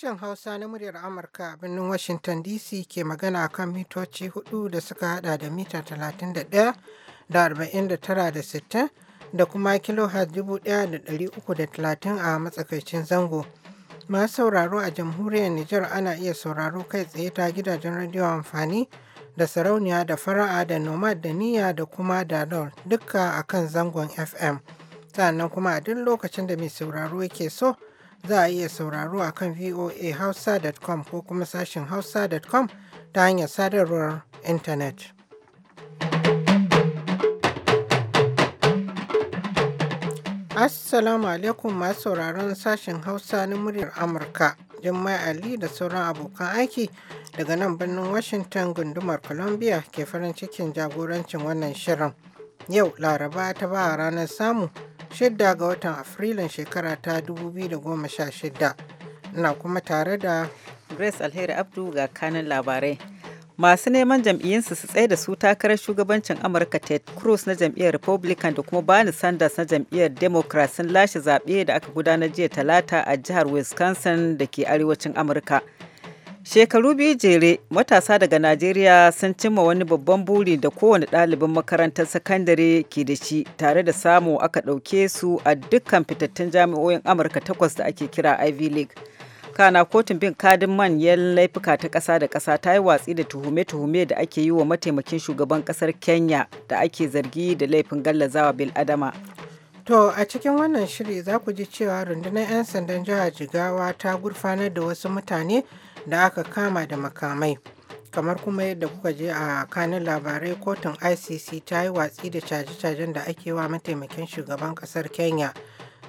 Sashen Hausa na muryar Amurka a birnin Washington DC ke magana kan mitoci hudu da suka hada da mita 31 da 49 da 60 da kuma dubu da 1330 a matsakaicin zango. Masu sauraro a jamhuriyar Nijar ana iya sauraro kai tsaye ta gidajen radio amfani da sarauniya da fara'a da nomad da niyya da kuma duka dukka akan zangon FM. Sannan kuma a duk lokacin da mai sauraro yake so. za a iya sauraro a kan voahausa.com ko kuma sashen hausa.com ta hanyar sadarwar intanet. Assalamu alaikum masu sauraron sashen Hausa na muryar Amurka. Jummai Ali da sauran abokan aiki daga nan birnin Washington gundumar Columbia ke farin cikin jagorancin wannan shirin. Yau Laraba ta ba ranar samu shidda ga watan afrilun shekara ta 2016 ina kuma tare da grace alheri abdu ga kanin labarai masu neman jam'iyyinsu su tsaye da su takarar shugabancin amurka ted cruz na jam'iyyar republican da kuma bernie sanders na jam'iyyar democrat sun lashe zaɓe da aka gudanar jiya talata a jihar wisconsin da ke arewacin amurka Shekaru biyu jere matasa daga Najeriya sun cimma wani babban buri da kowane ɗalibin makarantar sakandare ke da shi tare da samu aka ɗauke su a dukkan fitattun jami'o'in Amurka takwas da ake kira Ivy League. Kana kotun bin kadin manyan laifuka ta ƙasa da ƙasa ta yi watsi da tuhume-tuhume da ake yi wa mataimakin shugaban ƙasar Kenya da ake zargi da laifin gallazawa bil'adama. To a cikin wannan shiri za ku ji cewa rundunar 'yan sandan jihar Jigawa ta gurfanar da wasu mutane da aka kama da makamai. Kamar kuma yadda kuka je a kanin labarai kotun ICC ta yi watsi da caje-cajen da ake wa mataimakin shugaban kasar Kenya.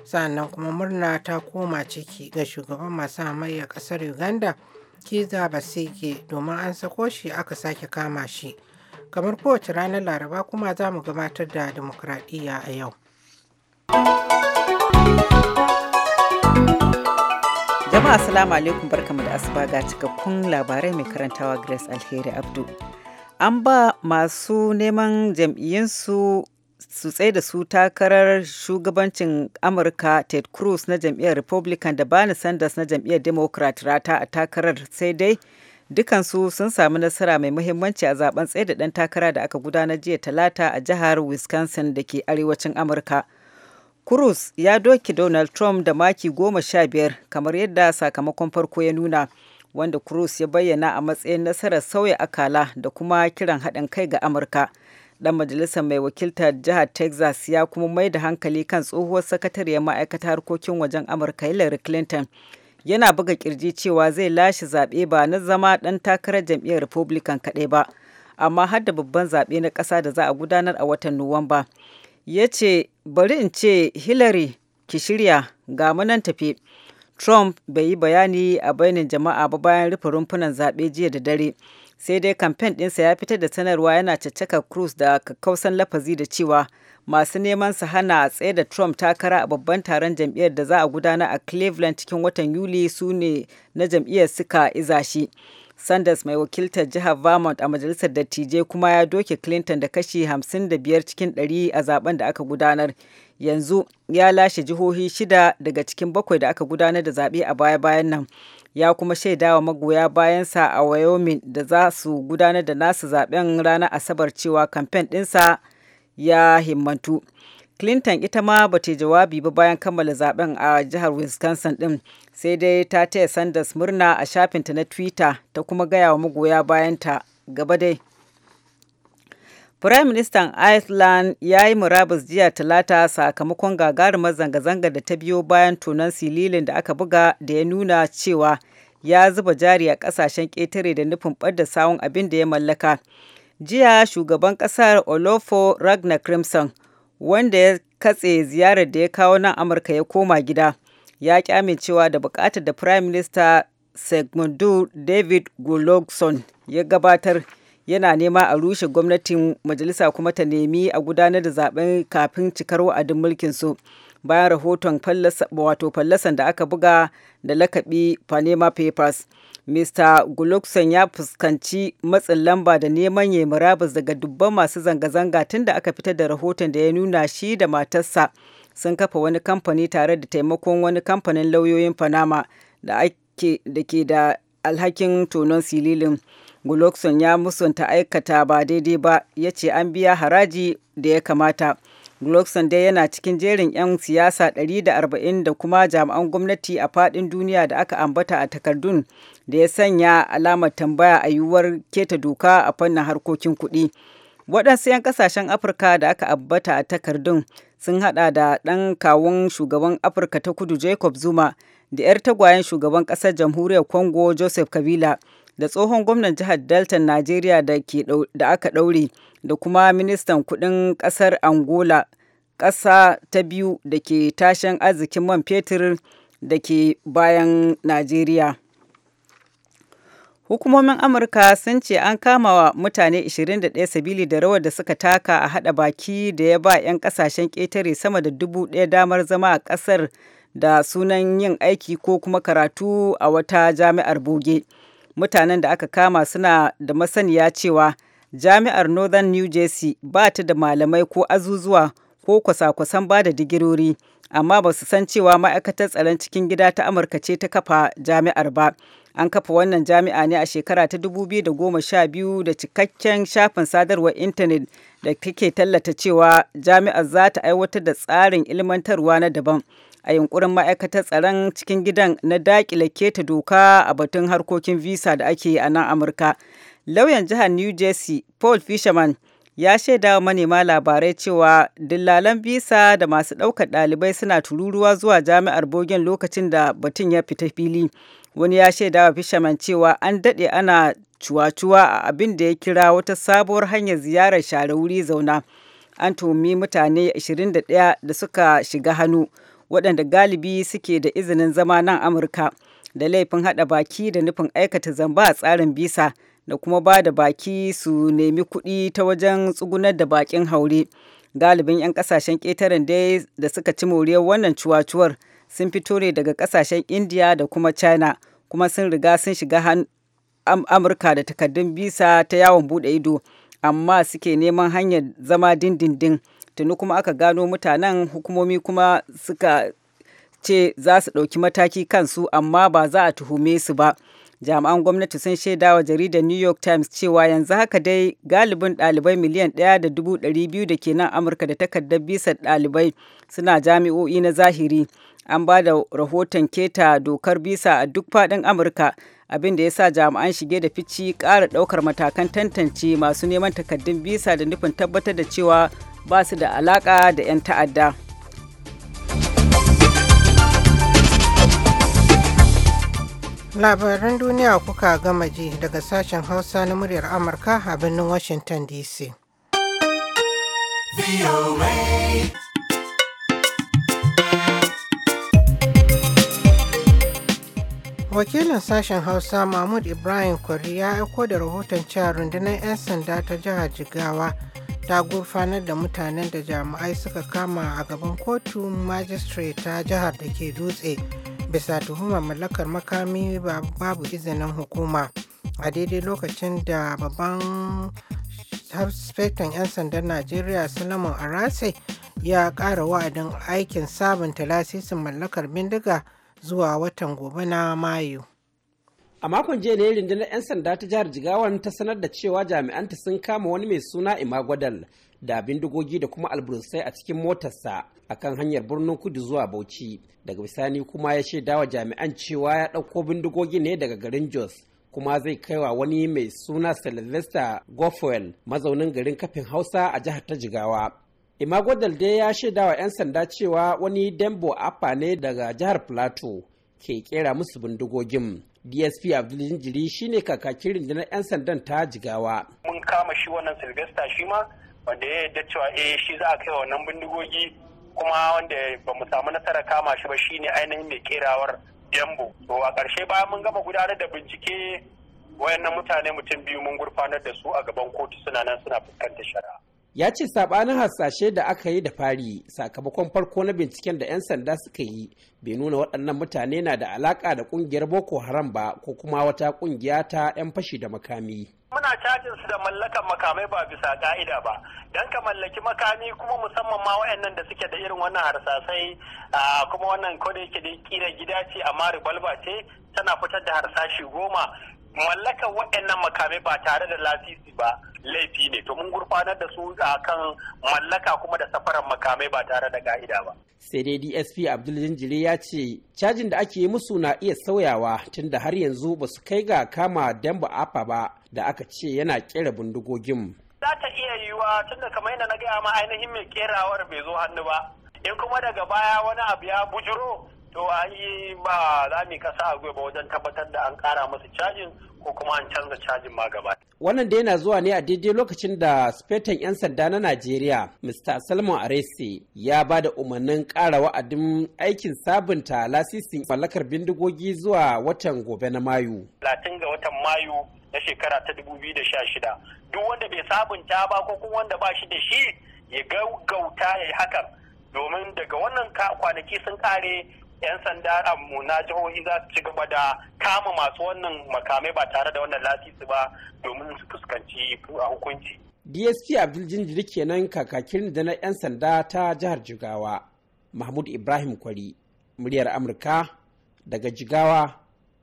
Sannan kuma murna ta koma ciki ga shugaban masu hamayya kasar Uganda Kiza Basige domin an sako shi aka sake kama shi. Kamar kowace ranar Laraba kuma za mu gabatar da dimokuraɗiyya a yau. jama'a salamu alaikum barkamu da asuba ga cikakkun labarai mai karantawa grace alheri abdu an ba masu neman jam'iyyinsu su tsaye da su takarar shugabancin amurka ted cruz na jam'iyyar republican da bani sanders na jam'iyyar democrat rata a takarar sai dai dukansu sun sami nasara mai muhimmanci a zaben tsaye da ɗan takara da aka gudanar jiya talata a jihar wisconsin da ke arewacin amurka Cruz ya doki Donald Trump da maki goma sha biyar kamar yadda sakamakon farko ya nuna, wanda Cruz ya bayyana a matsayin nasarar sauya akala da kuma kiran haɗin kai ga Amurka. Ɗan majalisar mai wakiltar jihar Texas ya kuma mai da hankali kan tsohuwar sakatariyar ma'aikata harkokin wajen Amurka Hillary Clinton. Yana buga kirji cewa zai lashe zaɓe ba na zama ɗan takarar jam'iyyar Republican kaɗai ba, amma har da babban zaɓe na ƙasa da za a gudanar a watan Nuwamba. ya ce bari in ce hillary ki shirya ga nan tafi trump bai yi bayani a bainin jama'a ba bayan rufe rumfunan zaɓe jiya da dare sai dai kamfen ɗinsa ya fitar da sanarwa yana caccaka cruz da kakkausan lafazi da cewa masu neman su hana a tsaye da trump takara a babban taron jam'iyyar da za a gudana a cleveland cikin watan yuli su ne na jam'iyyar suka iza shi Sanders mai wakiltar jihar Vermont a majalisar dattijai kuma ya doke Clinton da kashi 55 cikin 100 a zaben da aka gudanar. Yanzu ya lashe jihohi shida daga cikin bakwai da aka gudanar da zaɓe a baya-bayan nan. Ya kuma shaidawa magoya bayansa a Wyoming da za su gudanar da nasu zaɓen ranar Asabar cewa kamfen ɗinsa ya himmantu. clinton ita ma ba ta jawabi ba bayan kammala zaben a jihar wisconsin din sai dai ta taya sanders murna a shafinta na twitter ta kuma gaya wa magoya bayanta gaba dai Firayim Ministan Iceland ya yi murabus jiya talata sakamakon gagarumar zanga-zanga da ta biyo bayan tonon sililin da aka buga da ya nuna cewa ya zuba jari a kasashen ƙetare da nufin ɓadda sawun abin da ya mallaka. Jiya shugaban ƙasar Olofo Ragnar Crimson wanda ya katse ziyarar da ya kawo nan Amurka ya koma gida, ya ki amincewa da bukatar da Prime Minister Sigmundur David gulogson ya gabatar yana nema a rushe gwamnatin majalisa kuma ta nemi a gudanar da zaben kafin cikar wa'adin mulkin su bayan rahoton wato fallasan da aka buga da lakabi Panama Papers. Mr. Gulugson ya fuskanci matsin lamba da neman ya murabus daga dubban masu zanga-zanga tun da aka fitar da rahoton da ya nuna shi da matarsa sun kafa wani kamfani tare da taimakon wani kamfanin lauyoyin Panama da da ke da alhakin tonon sililin. Gulogson ya musunta aikata ba daidai ba ya ce an biya haraji da ya kamata. Gulogson dai yana cikin jerin 'yan siyasa 140 da kuma jami'an gwamnati a faɗin duniya da aka ambata a takardun da ya sanya alamar tambaya a yiwuwar keta doka a fannin harkokin kuɗi. Waɗansu 'yan ƙasashen Afirka da aka abbata a takardun sun haɗa da ɗan kawun shugaban Afirka ta kudu Jacob Zuma da 'yar tagwayen shugaban ƙasar jamhuriyar Congo Joseph Kabila da tsohon gwamnan jihar Delta Najeriya da, aka ɗaure da kuma ministan kuɗin ƙasar Angola ƙasa ta biyu da ke tashen arzikin man fetur da ke bayan Najeriya. Hukumomin Amurka sun ce an kama wa mutane 21 sabili da rawar da suka taka a haɗa baki da ya ba 'yan kasashen ƙetare sama da dubu ɗaya damar zama a ƙasar da sunan yin aiki ko kuma karatu a wata jami'ar boge. Mutanen da aka kama suna da masaniya cewa jami'ar Northern New Jersey ba ta da malamai ko azuzuwa ko kwasa-kwasan ba da digirori, amma ba su san cewa ma'aikatar tsaron cikin gida ta Amurka ce ta kafa jami'ar ba. An kafa wannan jami'a ne a shekara ta 2012 da cikakken shafin sadarwar intanet da take tallata cewa jami'ar za ta aiwatar da tsarin ilmantarwa na daban a yunkurin ma'aikatar tsaron cikin gidan na dakile keta doka a batun harkokin visa da ake yi a nan Amurka. Lauyan jihar New Jersey Paul Fisherman ya shaida wa manema labarai cewa dillalan visa da masu ɗaukar ɗalibai suna tururuwa zuwa jami'ar bogen lokacin da batun ya fita fili. Wani ya shaida shaidawa Fisherman cewa an daɗe ana cuwa a abin da ya kira wata sabuwar hanyar ziyarar share wuri zauna. An tuhumi mutane 21 da suka shiga hannu, waɗanda galibi suke da izinin zama nan Amurka, da laifin haɗa baki da nufin aikata zamba a tsarin bisa da kuma ba da baki su nemi kuɗi ta wajen tsugunar da bakin haure. Galibin 'yan ƙasashen ketaren dai da suka ci moriyar wannan cuwa sun fito ne daga kasashen India da kuma China kuma sun riga sun shiga Amurka da takardun bisa ta yawon bude ido amma suke neman hanyar zama dindindin tuni kuma aka gano mutanen hukumomi kuma suka ce za su ɗauki mataki kansu amma ba za a tuhume su ba. jami'an gwamnati sun shaida wa jaridar new york times cewa yanzu haka dai galibin ɗalibai miliyan ɗaya da dubu ɗari biyu da ke nan amurka da takardar bisa ɗalibai suna jami'o'i na zahiri an ba da rahoton keta dokar bisa a duk faɗin amurka abin da ya sa jami'an shige da fici ƙara ɗaukar matakan tantance masu neman takardun bisa da nufin tabbatar da cewa ba su da alaƙa da 'yan ta'adda. Labaran duniya kuka gama ji daga sashen Hausa na muryar Amurka a birnin Washington DC. Wakilin sashen Hausa Mahmud Ibrahim Kwari ya aiko da rahoton cewa rundunar 'yan sanda ta jihar Jigawa ta gurfanar da mutanen da jami'ai suka kama a gaban kotun majistare ta jihar da ke dutse. bisa tuhumar mallakar makami babu izinin hukuma a daidai lokacin da babban spectrum 'yan sandan najeriya solomon arase ya ƙara wa'adin aikin sabunta lasisin mallakar bindiga zuwa watan gobe na mayu a makon jiya ne rundunar 'yan sanda ta jihar jigawan ta sanar da cewa jami'anta sun kama wani mai suna imagwadal da bindigogi da kuma alburusai a cikin motarsa a kan hanyar birnin kudu zuwa bauchi daga bisani kuma ya shaidawa jami'an cewa ya ɗauko bindigogi ne daga garin jos kuma zai kaiwa wani mai suna sylvester goffwell mazaunin garin kafin hausa a jihar ta jigawa imago dai ya shaida wa 'yan sanda cewa wani dembo afa ne daga jihar plateau ke kera musu bindigogin dsp abdul jiri shine kakakin rundunar 'yan sandan ta jigawa mun kama shi wannan sylvester shi ma wanda ya yadda cewa eh shi za a kai wannan bindigogi kuma wanda ba mu samu nasara kama shi ba shine ainihin mai kerawar jambo to a ƙarshe bayan mun gama gudanar da bincike wayannan mutane mutum biyu mun gurfanar da su a gaban kotu suna nan suna fuskantar shari'a ya ce sabanin hasashe da aka yi da fari sakamakon farko na binciken da 'yan sanda suka yi bai nuna waɗannan mutane na da alaƙa da ƙungiyar boko haram ba ko kuma wata ƙungiya ta 'yan fashi da makami muna cajin su da mallakan makamai ba bisa ka'ida ba dan ka mallaki makami kuma musamman ma wayannan da suke da irin wannan harsasai kuma wannan kodayake da kira gida ce amma ribalba ce tana fitar da harsashi goma mallakar waɗannan makamai ba tare da lasisi ba laifi ne to mun gurfanar da su a kan mallaka kuma da safaran makamai ba tare da ga'ida ba. sai dai dsp abdul jinjire ya ce cajin da ake musu na iya sauyawa tunda har yanzu ba su kai ga kama damba afa ba da aka ce yana kera bindigogin. za ta iya yiwuwa tunda kamar yadda na gaya ma ainihin mai kerawar bai zo hannu ba in kuma daga baya wani abu ya bujuro to ai ba za mu kasa a gwiwa wajen tabbatar da an kara musu cajin ko kuma an canza cajin ma gaba. Wannan da yana zuwa ne a daidai lokacin da sufetan 'yan sanda na Najeriya, Mr. Salman Arese, ya ba da umarnin ƙara wa'adin aikin sabunta lasisin mallakar bindigogi zuwa watan gobe na Mayu. Latin ga watan Mayu na shekara ta da shida, Duk wanda bai sabunta ba ko kuma wanda ba shi da shi ya gaugauta ya yi hakan. Domin daga wannan kwanaki sun kare 'yan sanda mu na jihohi za su ci gaba da kama masu wannan makamai ba tare da wannan lasisi ba domin su fuskanci a hukunci. DSP Abdul kenan kakakin da na 'yan sanda ta jihar Jigawa, Mahmud Ibrahim Kwari, muryar Amurka daga Jigawa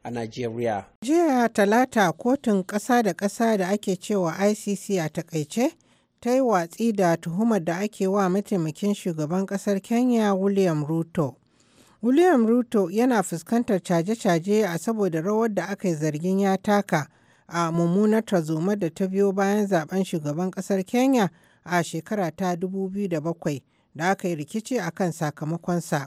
a Najeriya. Jiya Talata kotun ƙasa da ƙasa da ake cewa ICC a takaice ta yi watsi da tuhumar da ake wa mataimakin shugaban ƙasar Kenya William Ruto. William Ruto yana fuskantar caje-caje a saboda rawar da aka yi zargin ya taka a mummunar tarzoma da ta biyo bayan zaben shugaban kasar Kenya a shekara ta 2007 da aka yi rikici a kan sakamakonsa.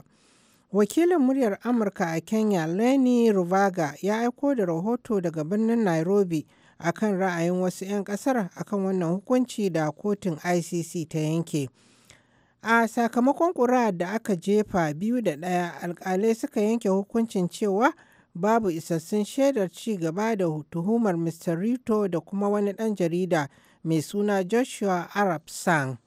Wakilin muryar Amurka a Kenya Lenny Ruvaga ya aiko da rahoto daga birnin Nairobi akan ra'ayin wasu 'yan kasar akan wannan hukunci da kotun ICC ta yanke. A sakamakon ƙuri'ar da aka jefa biyu da ɗaya alƙalai suka yanke hukuncin cewa babu isassun shaidar ci gaba da tuhumar Mr. Rito da kuma wani ɗan jarida mai suna Joshua Arab Sang.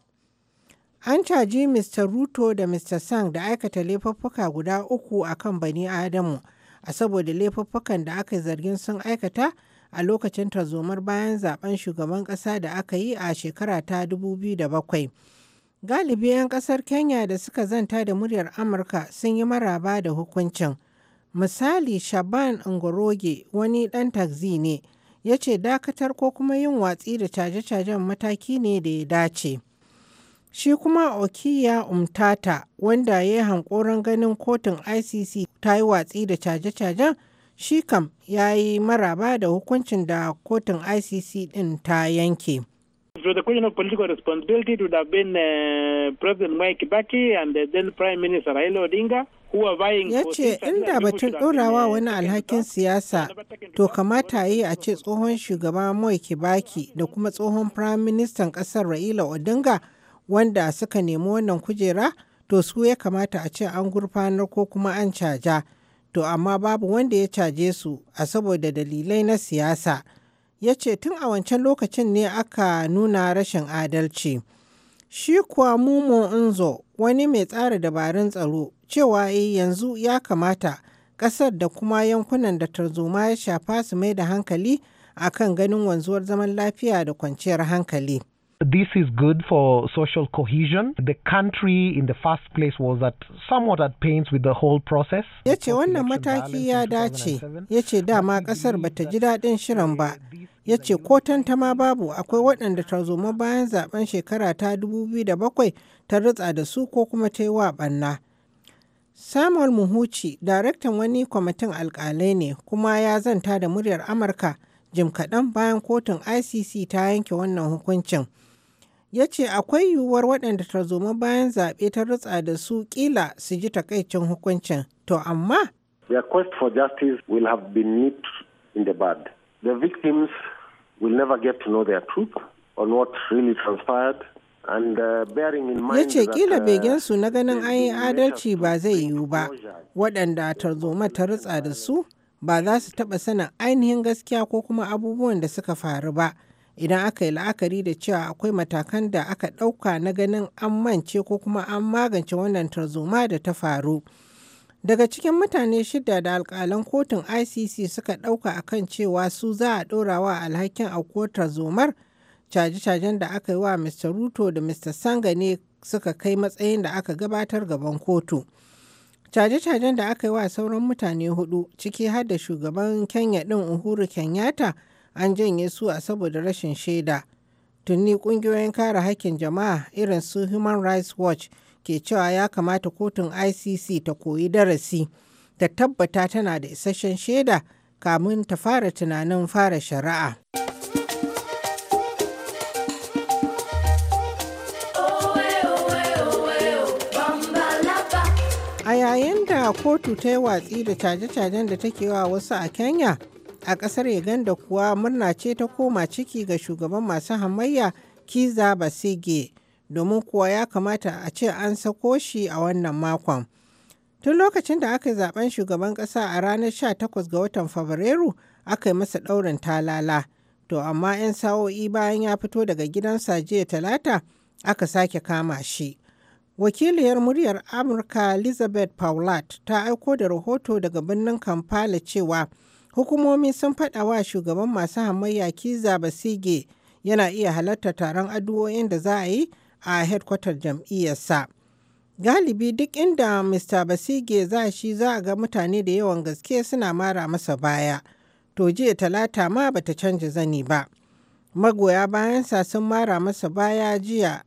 An caji Mr. Ruto da Mr. Sang da aikata laifuffuka guda uku a kan Bani Adamu, a saboda laifuffukan da aka zargin sun aikata a lokacin tarzomar bayan zaben shugaban ƙasa da aka yi a shekara ta 2007. Galibi 'yan ƙasar Kenya da suka zanta da muryar Amurka sun yi maraba da hukuncin. Misali, Shaban Ngoroge wani ɗan taxi ne, ya ce dakatar ko kuma yin watsi da caje-cajen mataki ne da ya dace. Shi kuma Okiya Umtata, wanda ya yi hankoron ganin kotun ICC ta yi watsi da caje-cajen, shi kam ya yi maraba da hukuncin da kotun ICC din ta yanke. So the question of political responsibility it would have been uh, President Mwai Kibaki and uh, then Prime Minister Raila Odinga. Ya ce inda batun ɗorawa uh, wani alhakin siyasa to kamata yi a ce tsohon shugaba Mwai Kibaki da kuma tsohon Prime Minister ƙasar Raila Odinga wanda suka nemi wannan kujera to su ya kamata a ce an gurfanar ko kuma an caja. To amma babu wanda ya caje su a saboda dalilai na siyasa. ya ce tun a wancan lokacin ne aka nuna rashin adalci. Shi kuwa Mumo Nzo wani mai tsara dabarun tsaro cewa yanzu ya kamata ƙasar da kuma yankunan da tarzoma ya shafa su mai da hankali a kan ganin wanzuwar zaman lafiya da kwanciyar hankali. This is good for social cohesion. The country in the first place was at somewhat at pains with the whole process. yace wannan mataki ya dace, yace dama ƙasar bata ji daɗin shirin ba, ya ce ko tantama babu akwai waɗanda tarzoma bayan zaben shekara ta 2007 ta ritsa da su ko kuma ta yi wa ɓanna. Samuel Muhuci, daraktan wani kwamitin alkalai ne kuma ya zanta da muryar Amurka jim kaɗan bayan kotun ICC ta yanke wannan hukuncin. Ya ce akwai yiwuwar waɗanda tarzoma bayan zaɓe ta ritsa da su ƙila su ji takaicin hukuncin. To amma? The quest for justice will have been nipped in the bud. The victims will never get to know their truth on what really transpired. Uh, ya ce kila begensu uh, na ganin an yi adalci ba zai yiwu ba waɗanda tarzoma ta rutsa da su ba za su taɓa sanin ainihin gaskiya ko kuma abubuwan da suka faru ba idan aka yi la'akari da cewa akwai matakan da aka ɗauka na ganin an mance ko kuma an magance wannan tarzoma da ta faru. Daga cikin mutane shida da alkalan kotun ICC suka ɗauka a kan cewa su za a ɗora wa alhakin kotar zomar caje-cajen da aka yi wa Mr. Ruto da Mr. Sanga ne suka kai matsayin da aka gabatar gaban kotu. Caje-cajen da aka yi wa sauran mutane hudu ciki har da shugaban Kenya ɗin Uhuru Kenyatta an janye su a saboda rashin shaida. tunni ƙungiyoyin kare haƙƙin jama'a irin su Human Rights Watch ke cewa ya kamata kotun ICC ta koyi darasi ta tabbata tana da isasshen shaida kamun ta fara tunanin fara shari'a. A yayin da kotu ta yi watsi da caje-cajen da take wa wasu a Kenya, a ƙasar Uganda kuwa murna ce ta koma ciki ga shugaban masu hamayya Kiza Basige. domin kuwa ya kamata a ce an sako shi a wannan makon. Tun lokacin da aka yi zaben shugaban ƙasa a ranar 18 ga watan Fabrairu aka yi masa ɗaurin talala. To amma 'yan sa'o'i bayan ya fito daga gidansa jiya talata aka sake kama shi. Wakiliyar muryar Amurka Elizabeth Paulat ta aiko da rahoto daga birnin Kampala cewa hukumomi sun faɗa wa shugaban masu hamayya Kiza Basige yana iya halarta taron addu'o'in da za a yi a hedkwatar jam'iyyarsa. Galibi duk inda Mr. Basige za shi za a ga mutane da yawan gaske suna mara masa baya. To jiya talata ma bata canja zani ba. Magoya bayansa sun mara masa baya jiya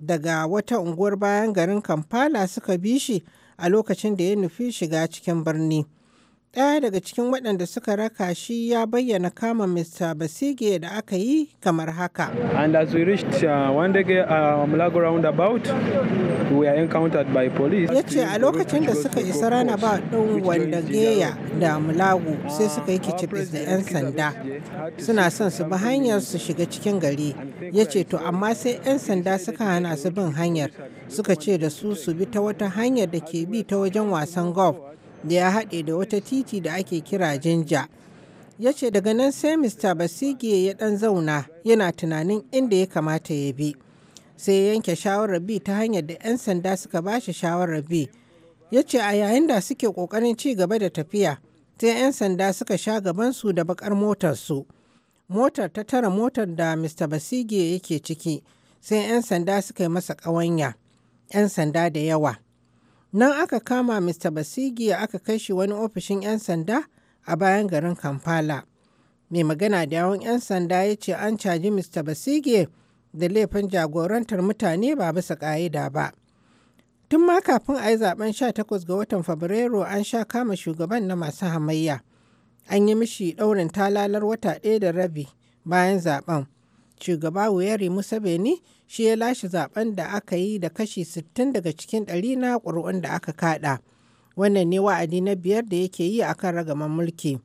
daga wata unguwar bayan garin Kampala suka bi shi a lokacin da ya nufi shiga cikin birni. ɗaya daga cikin waɗanda suka raka shi ya bayyana kama Mr. Basige da aka yi kamar haka. And as we reached uh, uh, um, Mulago roundabout, we are encountered by police. Ya ce a lokacin da suka isa rana ba ɗin geya da Mulago sai suka yi kicibis da 'yan sanda. Suna son su bi hanyar su shiga cikin gari. Ya ce to amma sai 'yan sanda suka hana su bin hanyar. Suka ce da su su bi ta wata hanyar da ke bi ta wajen wasan golf. da ya haɗe da wata titi da ake kira jinja ya ce daga nan sai mr basige ya ɗan zauna yana tunanin inda ya kamata ya bi sai yanke shawarar bi ta hanyar da 'yan sanda suka ba shi shawarar bi ya ce a yayin da suke ƙoƙarin ci gaba da tafiya sai 'yan sanda suka sha gabansu da bakar motarsu motar ta tara motar da mr basige yake ciki sai 'yan sanda suka yi masa ƙawanya 'yan sanda da yawa Nan aka kama Mr. Basigi aka kai shi wani ofishin 'yan sanda a bayan garin Kampala. Mai magana da yawon 'yan sanda ya ce an caji Mr. Basige da laifin jagorantar mutane ba bisa ƙa'ida ba. Tun ma kafin a yi zaben 18 ga watan Fabrairu an sha kama shugaban na masu hamayya. An yi mishi daurin talalar wata ɗaya da rabi bayan zaben. Shugaba Wuyari Musa, beni shi ya lashe zaben da aka yi da kashi 60 daga cikin ɗari na ƙuri'un da aka kaɗa. Wannan ne wa'adi na biyar da yake yi akan ragaman mulki.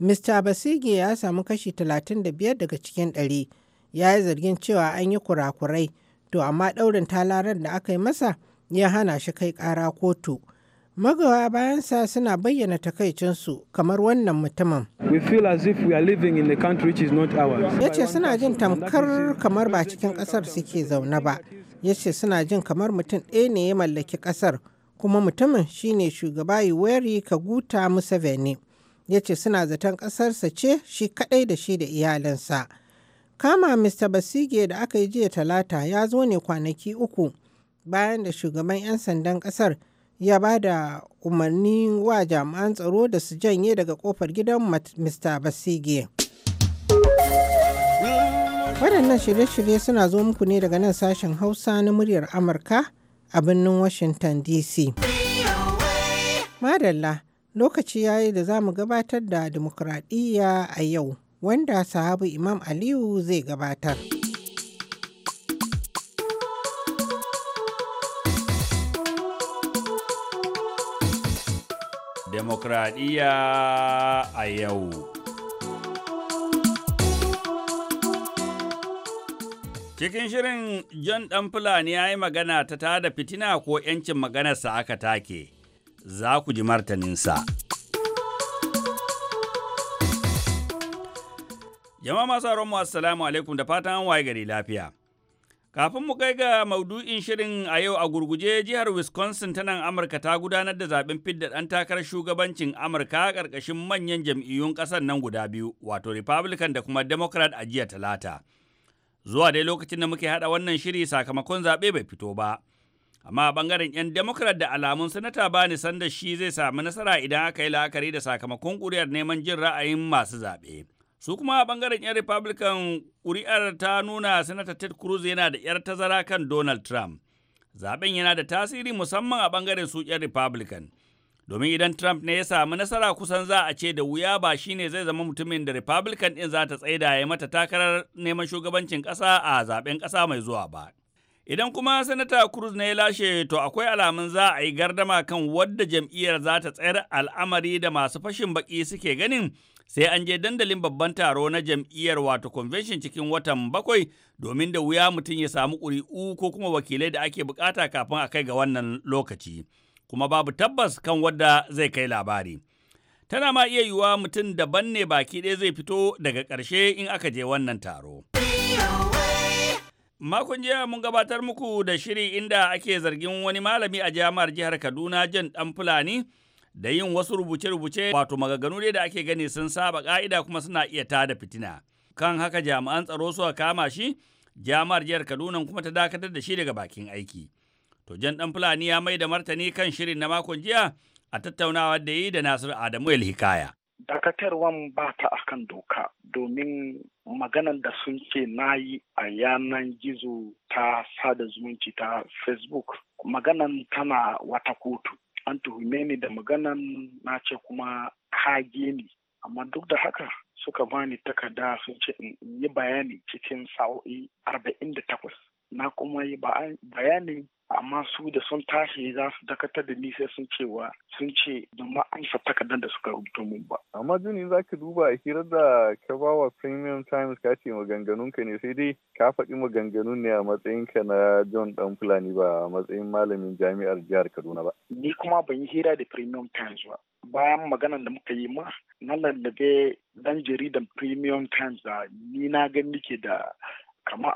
Mr. Basige ya samu kashi 35 daga cikin ɗari. Ya yi zargin cewa an yi kurakurai, to amma ɗaurin talaran da aka yi masa ya hana shi kai ƙara kotu. magawa bayansa suna bayyana takaicinsu kamar wannan mutumin. We feel as if we are living in a country which is not ours. Ya ce suna jin tamkar kamar ba cikin ƙasar suke zaune ba. Ya ce suna jin kamar mutum ɗaya ne ya mallaki ƙasar kuma mutumin shine shugaba Yoweri Kaguta Museveni. Ya ce suna zaton ƙasarsa ce shi kaɗai da shi da iyalinsa. Kama Mr. Basige da aka yi jiya talata ya zo ne kwanaki uku bayan da shugaban 'yan sandan ƙasar ya ba da umarni wa jami'an tsaro da su janye daga kofar gidan Mr. Basige. Waɗannan shirye-shirye suna zo muku ne daga nan sashen Hausa na muryar Amurka a birnin Washington DC. Madalla, lokaci ya yi da za mu gabatar da dimokuraɗiyya a yau, wanda sahabu Imam Aliyu zai gabatar. demokradiyya a yau. Cikin shirin John ɗan Fulani ya yi magana ta tada fitina ko ‘yancin maganarsa aka take, za ku ji martaninsa. Jama'a masu mu assalamu alaikum da fatan waye gari lafiya. Kafin mu kai ga maudu'in shirin a yau a gurguje jihar Wisconsin ta nan Amurka ta gudanar da zaben fidda ɗan takarar shugabancin Amurka ƙarƙashin manyan jam'iyyun ƙasar nan guda biyu, wato Republican da kuma Democrat a jiya Talata. Zuwa dai lokacin da muke haɗa wannan shiri sakamakon zaɓe bai fito ba. Amma a ɓangaren 'yan Democrat da alamun Sanata Bani sanda shi zai samu nasara idan aka yi la'akari da sakamakon ƙuri'ar neman jin ra'ayin masu zaɓe. Su kuma a bangaren 'yan Republican kuri'ar ta nuna Sanata Ted Cruz yana da 'yar tazara kan Donald Trump. Zaben yana da tasiri musamman a bangaren su 'yan Republican. Domin idan Trump ne ya samu nasara kusan za a ce da wuya ba shine zai zama mutumin da Republican ɗin za ta tsaida ya mata takarar neman shugabancin ƙasa a zaben ƙasa mai zuwa ba. Idan kuma Sanata Cruz ne ya lashe to akwai alamun za a yi gardama kan wadda jam'iyyar za ta tsayar al'amari da masu fashin baki suke ganin sai an je dandalin babban taro na jam'iyyar wato convention cikin watan bakwai domin da wuya mutum ya samu ƙuri'u ko kuma wakilai da ake bukata kafin a kai ga wannan lokaci kuma babu tabbas kan wadda zai kai labari tana ma iya yiwuwa mutum daban ne baki ɗaya zai fito daga ƙarshe in aka je wannan taro. Makon jiya mun gabatar muku da shiri inda ake zargin wani malami a jami'ar jihar Kaduna Jan Ɗan Fulani da yin wasu rubuce-rubuce wato maganganu ne da ake gani sun saba ka'ida kuma suna iya da fitina kan haka jami'an tsaro suka kama shi jami'ar jihar kaduna kuma ta dakatar da shi daga bakin aiki to jan dan fulani ya mai da martani kan shirin na makon jiya a tattaunawa da yi da nasiru adamu el hikaya dakatarwan ba ta akan doka domin maganan da sun ce na yi a yanan gizo ta sada zumunci ta facebook maganan tana wata kotu an tuhume ni da maganan na ce kuma hage ni amma duk da haka suka bani takarda sun ce in yi bayani cikin sa'o'i arba'in da takwas na kuma yi bayani amma su da sun tashi za su dakatar da ni sai sun cewa sun ce da ma an sa takardar da suka rubuta mun ba. Amma jini za ka duba a hirar da ka ba wa Premium Times ka ce maganganunka ne sai dai ka faɗi maganganun ne a matsayin ka na John Dan Fulani ba a matsayin malamin jami'ar jihar Kaduna ba. Ni kuma ban yi hira da Premium Times ba. Bayan maganar da muka yi ma na lallabe dan jaridan Premium Times da ni na gani ke da kama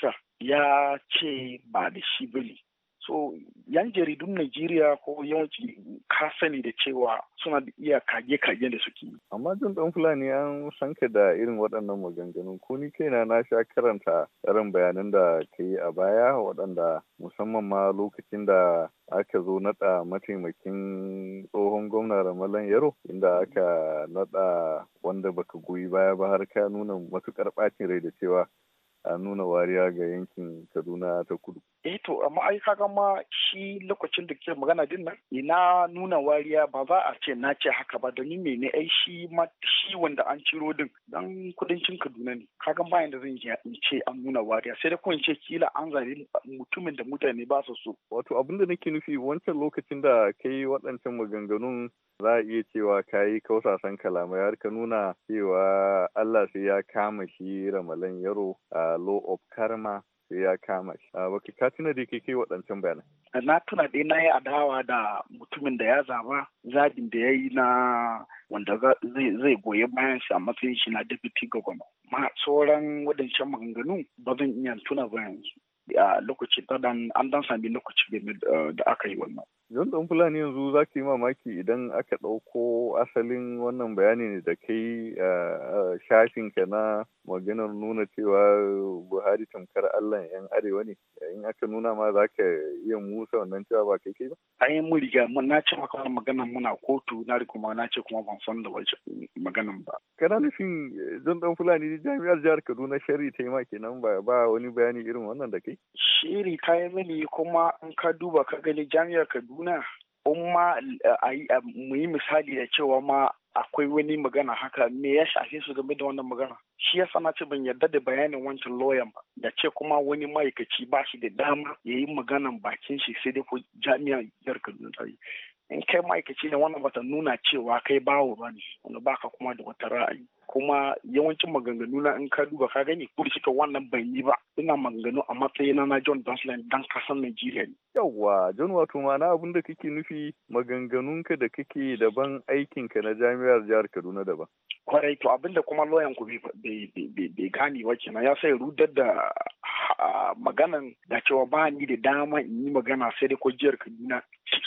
sa. ya ce ba da shi bane so yan jaridun Najeriya ko yawanci ka sani da cewa suna da iya kage-kage da suke. Amma jin ɗan Fulani an san da irin waɗannan maganganun ko ni kaina na sha karanta irin bayanan da ka yi a baya waɗanda musamman ma lokacin da aka zo naɗa mataimakin tsohon gwamna Ramalan Yaro inda aka naɗa wanda baka goyi baya ba har ka nuna matukar ɓacin rai da cewa a nuna wariya ga yankin Kaduna ta kudu. Eh to amma ai kaga ma shi lokacin da ke magana din nan ina nuna wariya ba za a ce na ce haka ba don me ne ai shi ma shi wanda an ciro din dan kudancin Kaduna ne kaga bayan da zan je in ce an nuna wariya sai da kun ce kila an zabe mutumin da mutane ba su so. Wato abinda nake nufi wancan lokacin da kai waɗancan maganganun za a iya cewa ka yi kausasan kalamai har ka nuna cewa Allah sai ya kama shi ramalan yaro a law of karma sai ya kama shi. Baki ka tuna da kai waɗancan bayanai. Na tuna dai na yi adawa da mutumin da ya zaba zabin da ya yi na wanda zai goyi bayan shi a matsayin shi na deputy governor. Ma sauran waɗancan maganganu ba zan iya tuna bayan A lokacin an dan sami lokaci da aka yi wannan. John ɗan Fulani yanzu za ka yi mamaki idan aka ɗauko asalin wannan bayani ne da kai shafinka na maganar nuna cewa Buhari tamkar Allah ‘yan arewa ne, in aka nuna ma za ka iya musa wannan cewa ba kai kai ba? An yi mu riga mun na ce maka wannan maganar muna kotu na kuma na ce kuma ban san da wace maganar ba. Kana nufin John eh, ɗan Fulani jami'ar jihar Kaduna shari ta yi ma kenan ba wani bayani irin wannan da kai? Shiri ta yi mini kuma in ka duba ka gani jami'ar Kaduna kaduna ma mu yi misali da cewa ma akwai wani magana haka me ya shafe su game da wannan magana shi ya sana ce ban yarda da bayanin wancan loyan ba da ce kuma wani ma'aikaci ba shi da dama ya yi maganan bakin shi sai dai ko jami'an yar kaduna in kai ma'aikaci ne wannan bata nuna cewa kai bawo ba ne wanda baka kuma da wata ra'ayi kuma yawancin maganganu na in ka duba ka gani ko shi wannan bai yi ba ina maganganu a matsayina na John Dunsland dan kasan Najeriya ne yawwa John wato na abin da kake nufi maganganunka da kake daban aikinka na jami'ar jihar Kaduna daban kwarai to abinda kuma loyan ku bai gane ba kenan ya sai rudar da maganan da cewa ba ni da dama in yi magana sai dai ko jiyar kaduna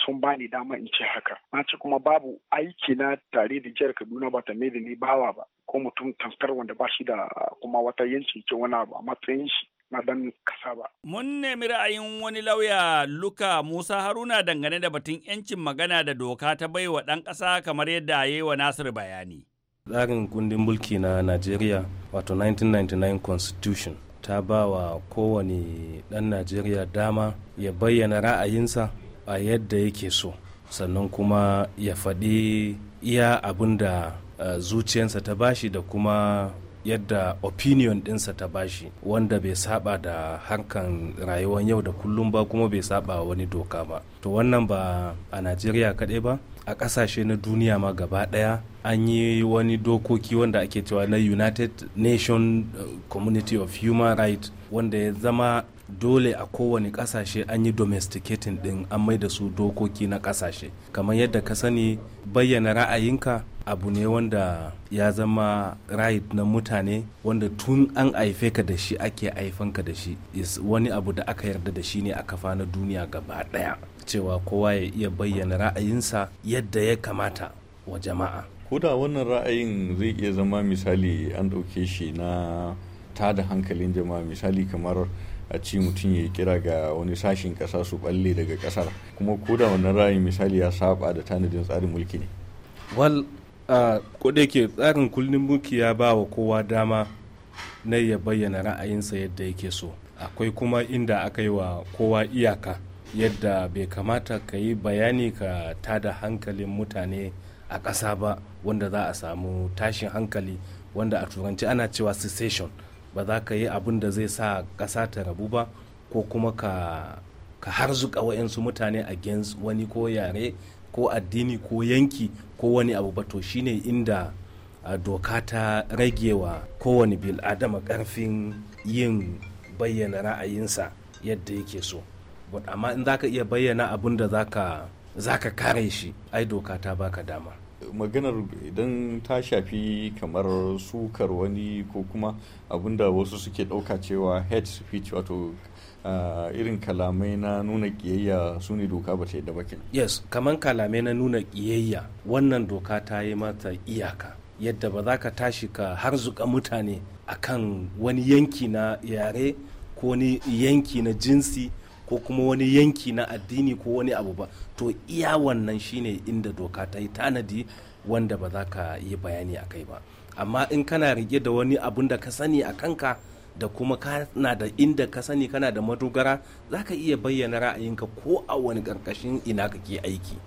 sun ba ni dama in ce haka na ce kuma babu aiki na tare da jiyar kaduna ba ta da ni bawa ba ko mutum tamkar wanda ba shi da kuma wata yanci ce wani abu a matsayin shi na dan kasa ba. Mun nemi ra'ayin wani lauya Luka Musa Haruna dangane da batun 'yancin magana da doka ta baiwa ɗan ƙasa kamar yadda ya yi wa Nasir bayani. tsarin kundin mulki na najeriya wato 1999 constitution ta ba wa kowane dan najeriya dama ya bayyana ra'ayinsa a yadda yake so sannan kuma ya faɗi iya abin da eh, zuciyarsa ta bashi da kuma yadda opinion dinsa ta bashi wanda bai saba da hankan rayuwar yau da kullum ba kuma bai saba wani doka ba to wannan ba a najeriya kaɗai ba a ƙasashe na duniya ma gaba daya. an yi wani dokoki wanda ake cewa na united nation eh, community of human rights wanda ya zama dole a kowane kasashe an yi domesticating din an mai da su dokoki na kasashe kamar yadda ka sani bayyana ra'ayinka abu ne wanda ya zama right na mutane wanda tun an aife ka da shi ake ka da shi wani abu da aka yarda da shi ne a kafa na duniya gaba daya cewa kowa ya iya bayyana ra'ayinsa yadda ya kamata wa jama'a ko da wannan ra'ayin zai iya zama misali an ɗauke shi na tada hankalin jama'a misali kamar a ci mutum ya kira ga wani sashen kasa su balle daga kasar kuma ko da wannan ra'ayin misali ya saba da tanadin tsarin mulki ne wal ko da yake tsarin kullum mulki ya ba wa kowa dama na ya bayyana ra'ayinsa yadda yake so akwai kuma inda aka yi wa kowa iyaka yadda bai kamata ka yi bayani ka tada hankalin mutane a ƙasa ba wanda za a samu tashin hankali wanda a turanci ana cewa secession ba za ka yi abin da zai sa ƙasa ta rabu ba ko kuma ka ka harzuka wa'yansu mutane against wani ko yare ko addini ko yanki ko wani abu ba to shine inda doka ta ragewa kowane bil adama karfin yin bayyana ra'ayinsa yadda yake so amma in za ka iya bayyana abin da za ka kare shi ai doka ta baka dama maganar idan ta shafi kamar sukar wani ko kuma abinda wasu suke ɗauka cewa hate speech wato irin kalamai na nuna kiyayya su ne doka ba ta yadda ba yes kamar kalamai na nuna ƙiyayya wannan doka ta yi mata iyaka yadda ba za ka tashi ka har zuka mutane akan wani yanki na yare ko wani yanki na jinsi ko kuma wani yanki na addini ko wani abu ba to iya wannan shine inda doka ta yi tanadi wanda ba za ka yi bayani a kai ba amma in kana rike da wani abun da ka sani a kanka da kuma kana da inda ka sani kana da madogara za ka iya bayyana ra'ayinka ko a wani ƙarƙashin ina kake aiki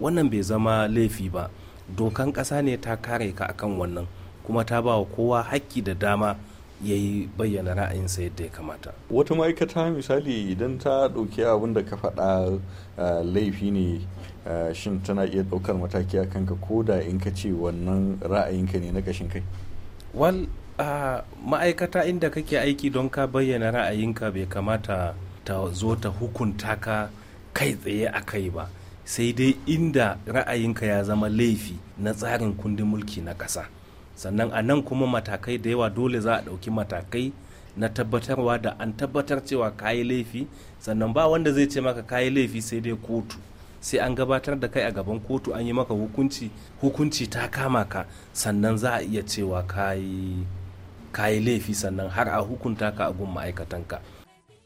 wannan bai zama laifi ba dokan ƙasa ne ta kare ka akan wannan kuma ta ba wa kowa hakki da dama ya yi bayyana ra'ayinsa yadda ya kamata wata ma'aikata misali idan ta ɗauki abin da ka faɗa laifi ne shin tana iya ɗaukar mataki a kanka ko da in ka ce wannan ra'ayinka ne na ƙashin kai wal ma'aikata inda kake aiki don ka bayyana ra'ayinka bai kamata ta zo ta hukunta ka kai tsaye a kai ba sai dai inda ra'ayinka ya zama laifi na tsarin kundin mulki na ƙasa sannan a nan kuma matakai da yawa dole za a ɗauki matakai na tabbatarwa da an tabbatar cewa kayi laifi sannan ba wanda zai ce maka kayi laifi sai dai kotu sai an gabatar da kai a gaban kotu an yi maka hukunci hukunci ta kama ka sannan za a iya cewa kayi kayi laifi sannan har a hukunta ka a gun ma'aikatanka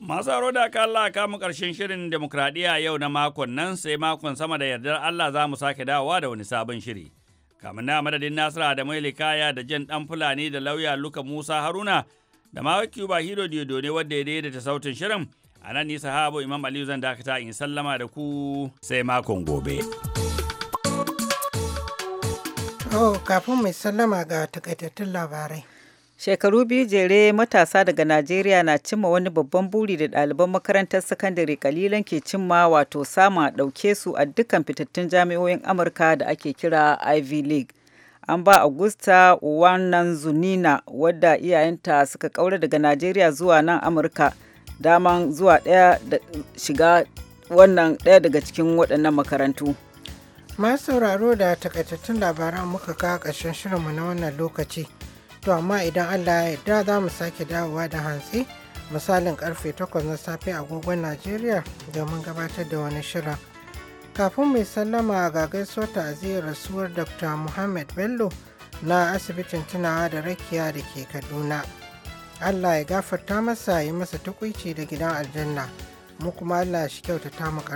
Masu aro da aka Allah kamu karshen shirin demokradiyya yau na makon nan sai makon sama da yardar Allah za mu sake dawowa da wani sabon shiri. kamar na madadin nasara da mai likaya da jan ɗan Fulani da lauya Luka Musa Haruna da ma Cuba Hiro Diodo ne wadda ya daidaita sautin shirin. A nan ni habo Imam Aliyu zan dakata in sallama da ku sai makon gobe. Oh, kafin mai sallama ga takaitattun labarai. Shekaru biyu jere matasa daga Najeriya na cimma wani babban buri da ɗaliban makarantar sakandare kalilan ke cimma wato sama ɗauke su a dukkan fitattun jami'o'in Amurka da ake kira Ivy League. An ba Augusta Zunina wadda iyayenta suka ƙaura daga Najeriya zuwa nan Amurka daman zuwa ɗaya da shiga wannan ɗaya daga cikin waɗannan makarantu. Masu sauraro da takaitattun labaran muka kawo ƙarshen shirinmu na wannan lokaci. To amma idan Allah ya yarda za mu sake dawowa da hantsi misalin karfe 8 na safe agogon Najeriya domin gabatar da wani shirin. Kafin mai sallama ga gaisuwar ta'aziyar rasuwar Dr. Muhammad Bello na asibitin tunawa da rakiya da ke Kaduna. Allah ya gafarta masa ya masa tukuici da gidan aljanna. Mu kuma Allah shi ta mu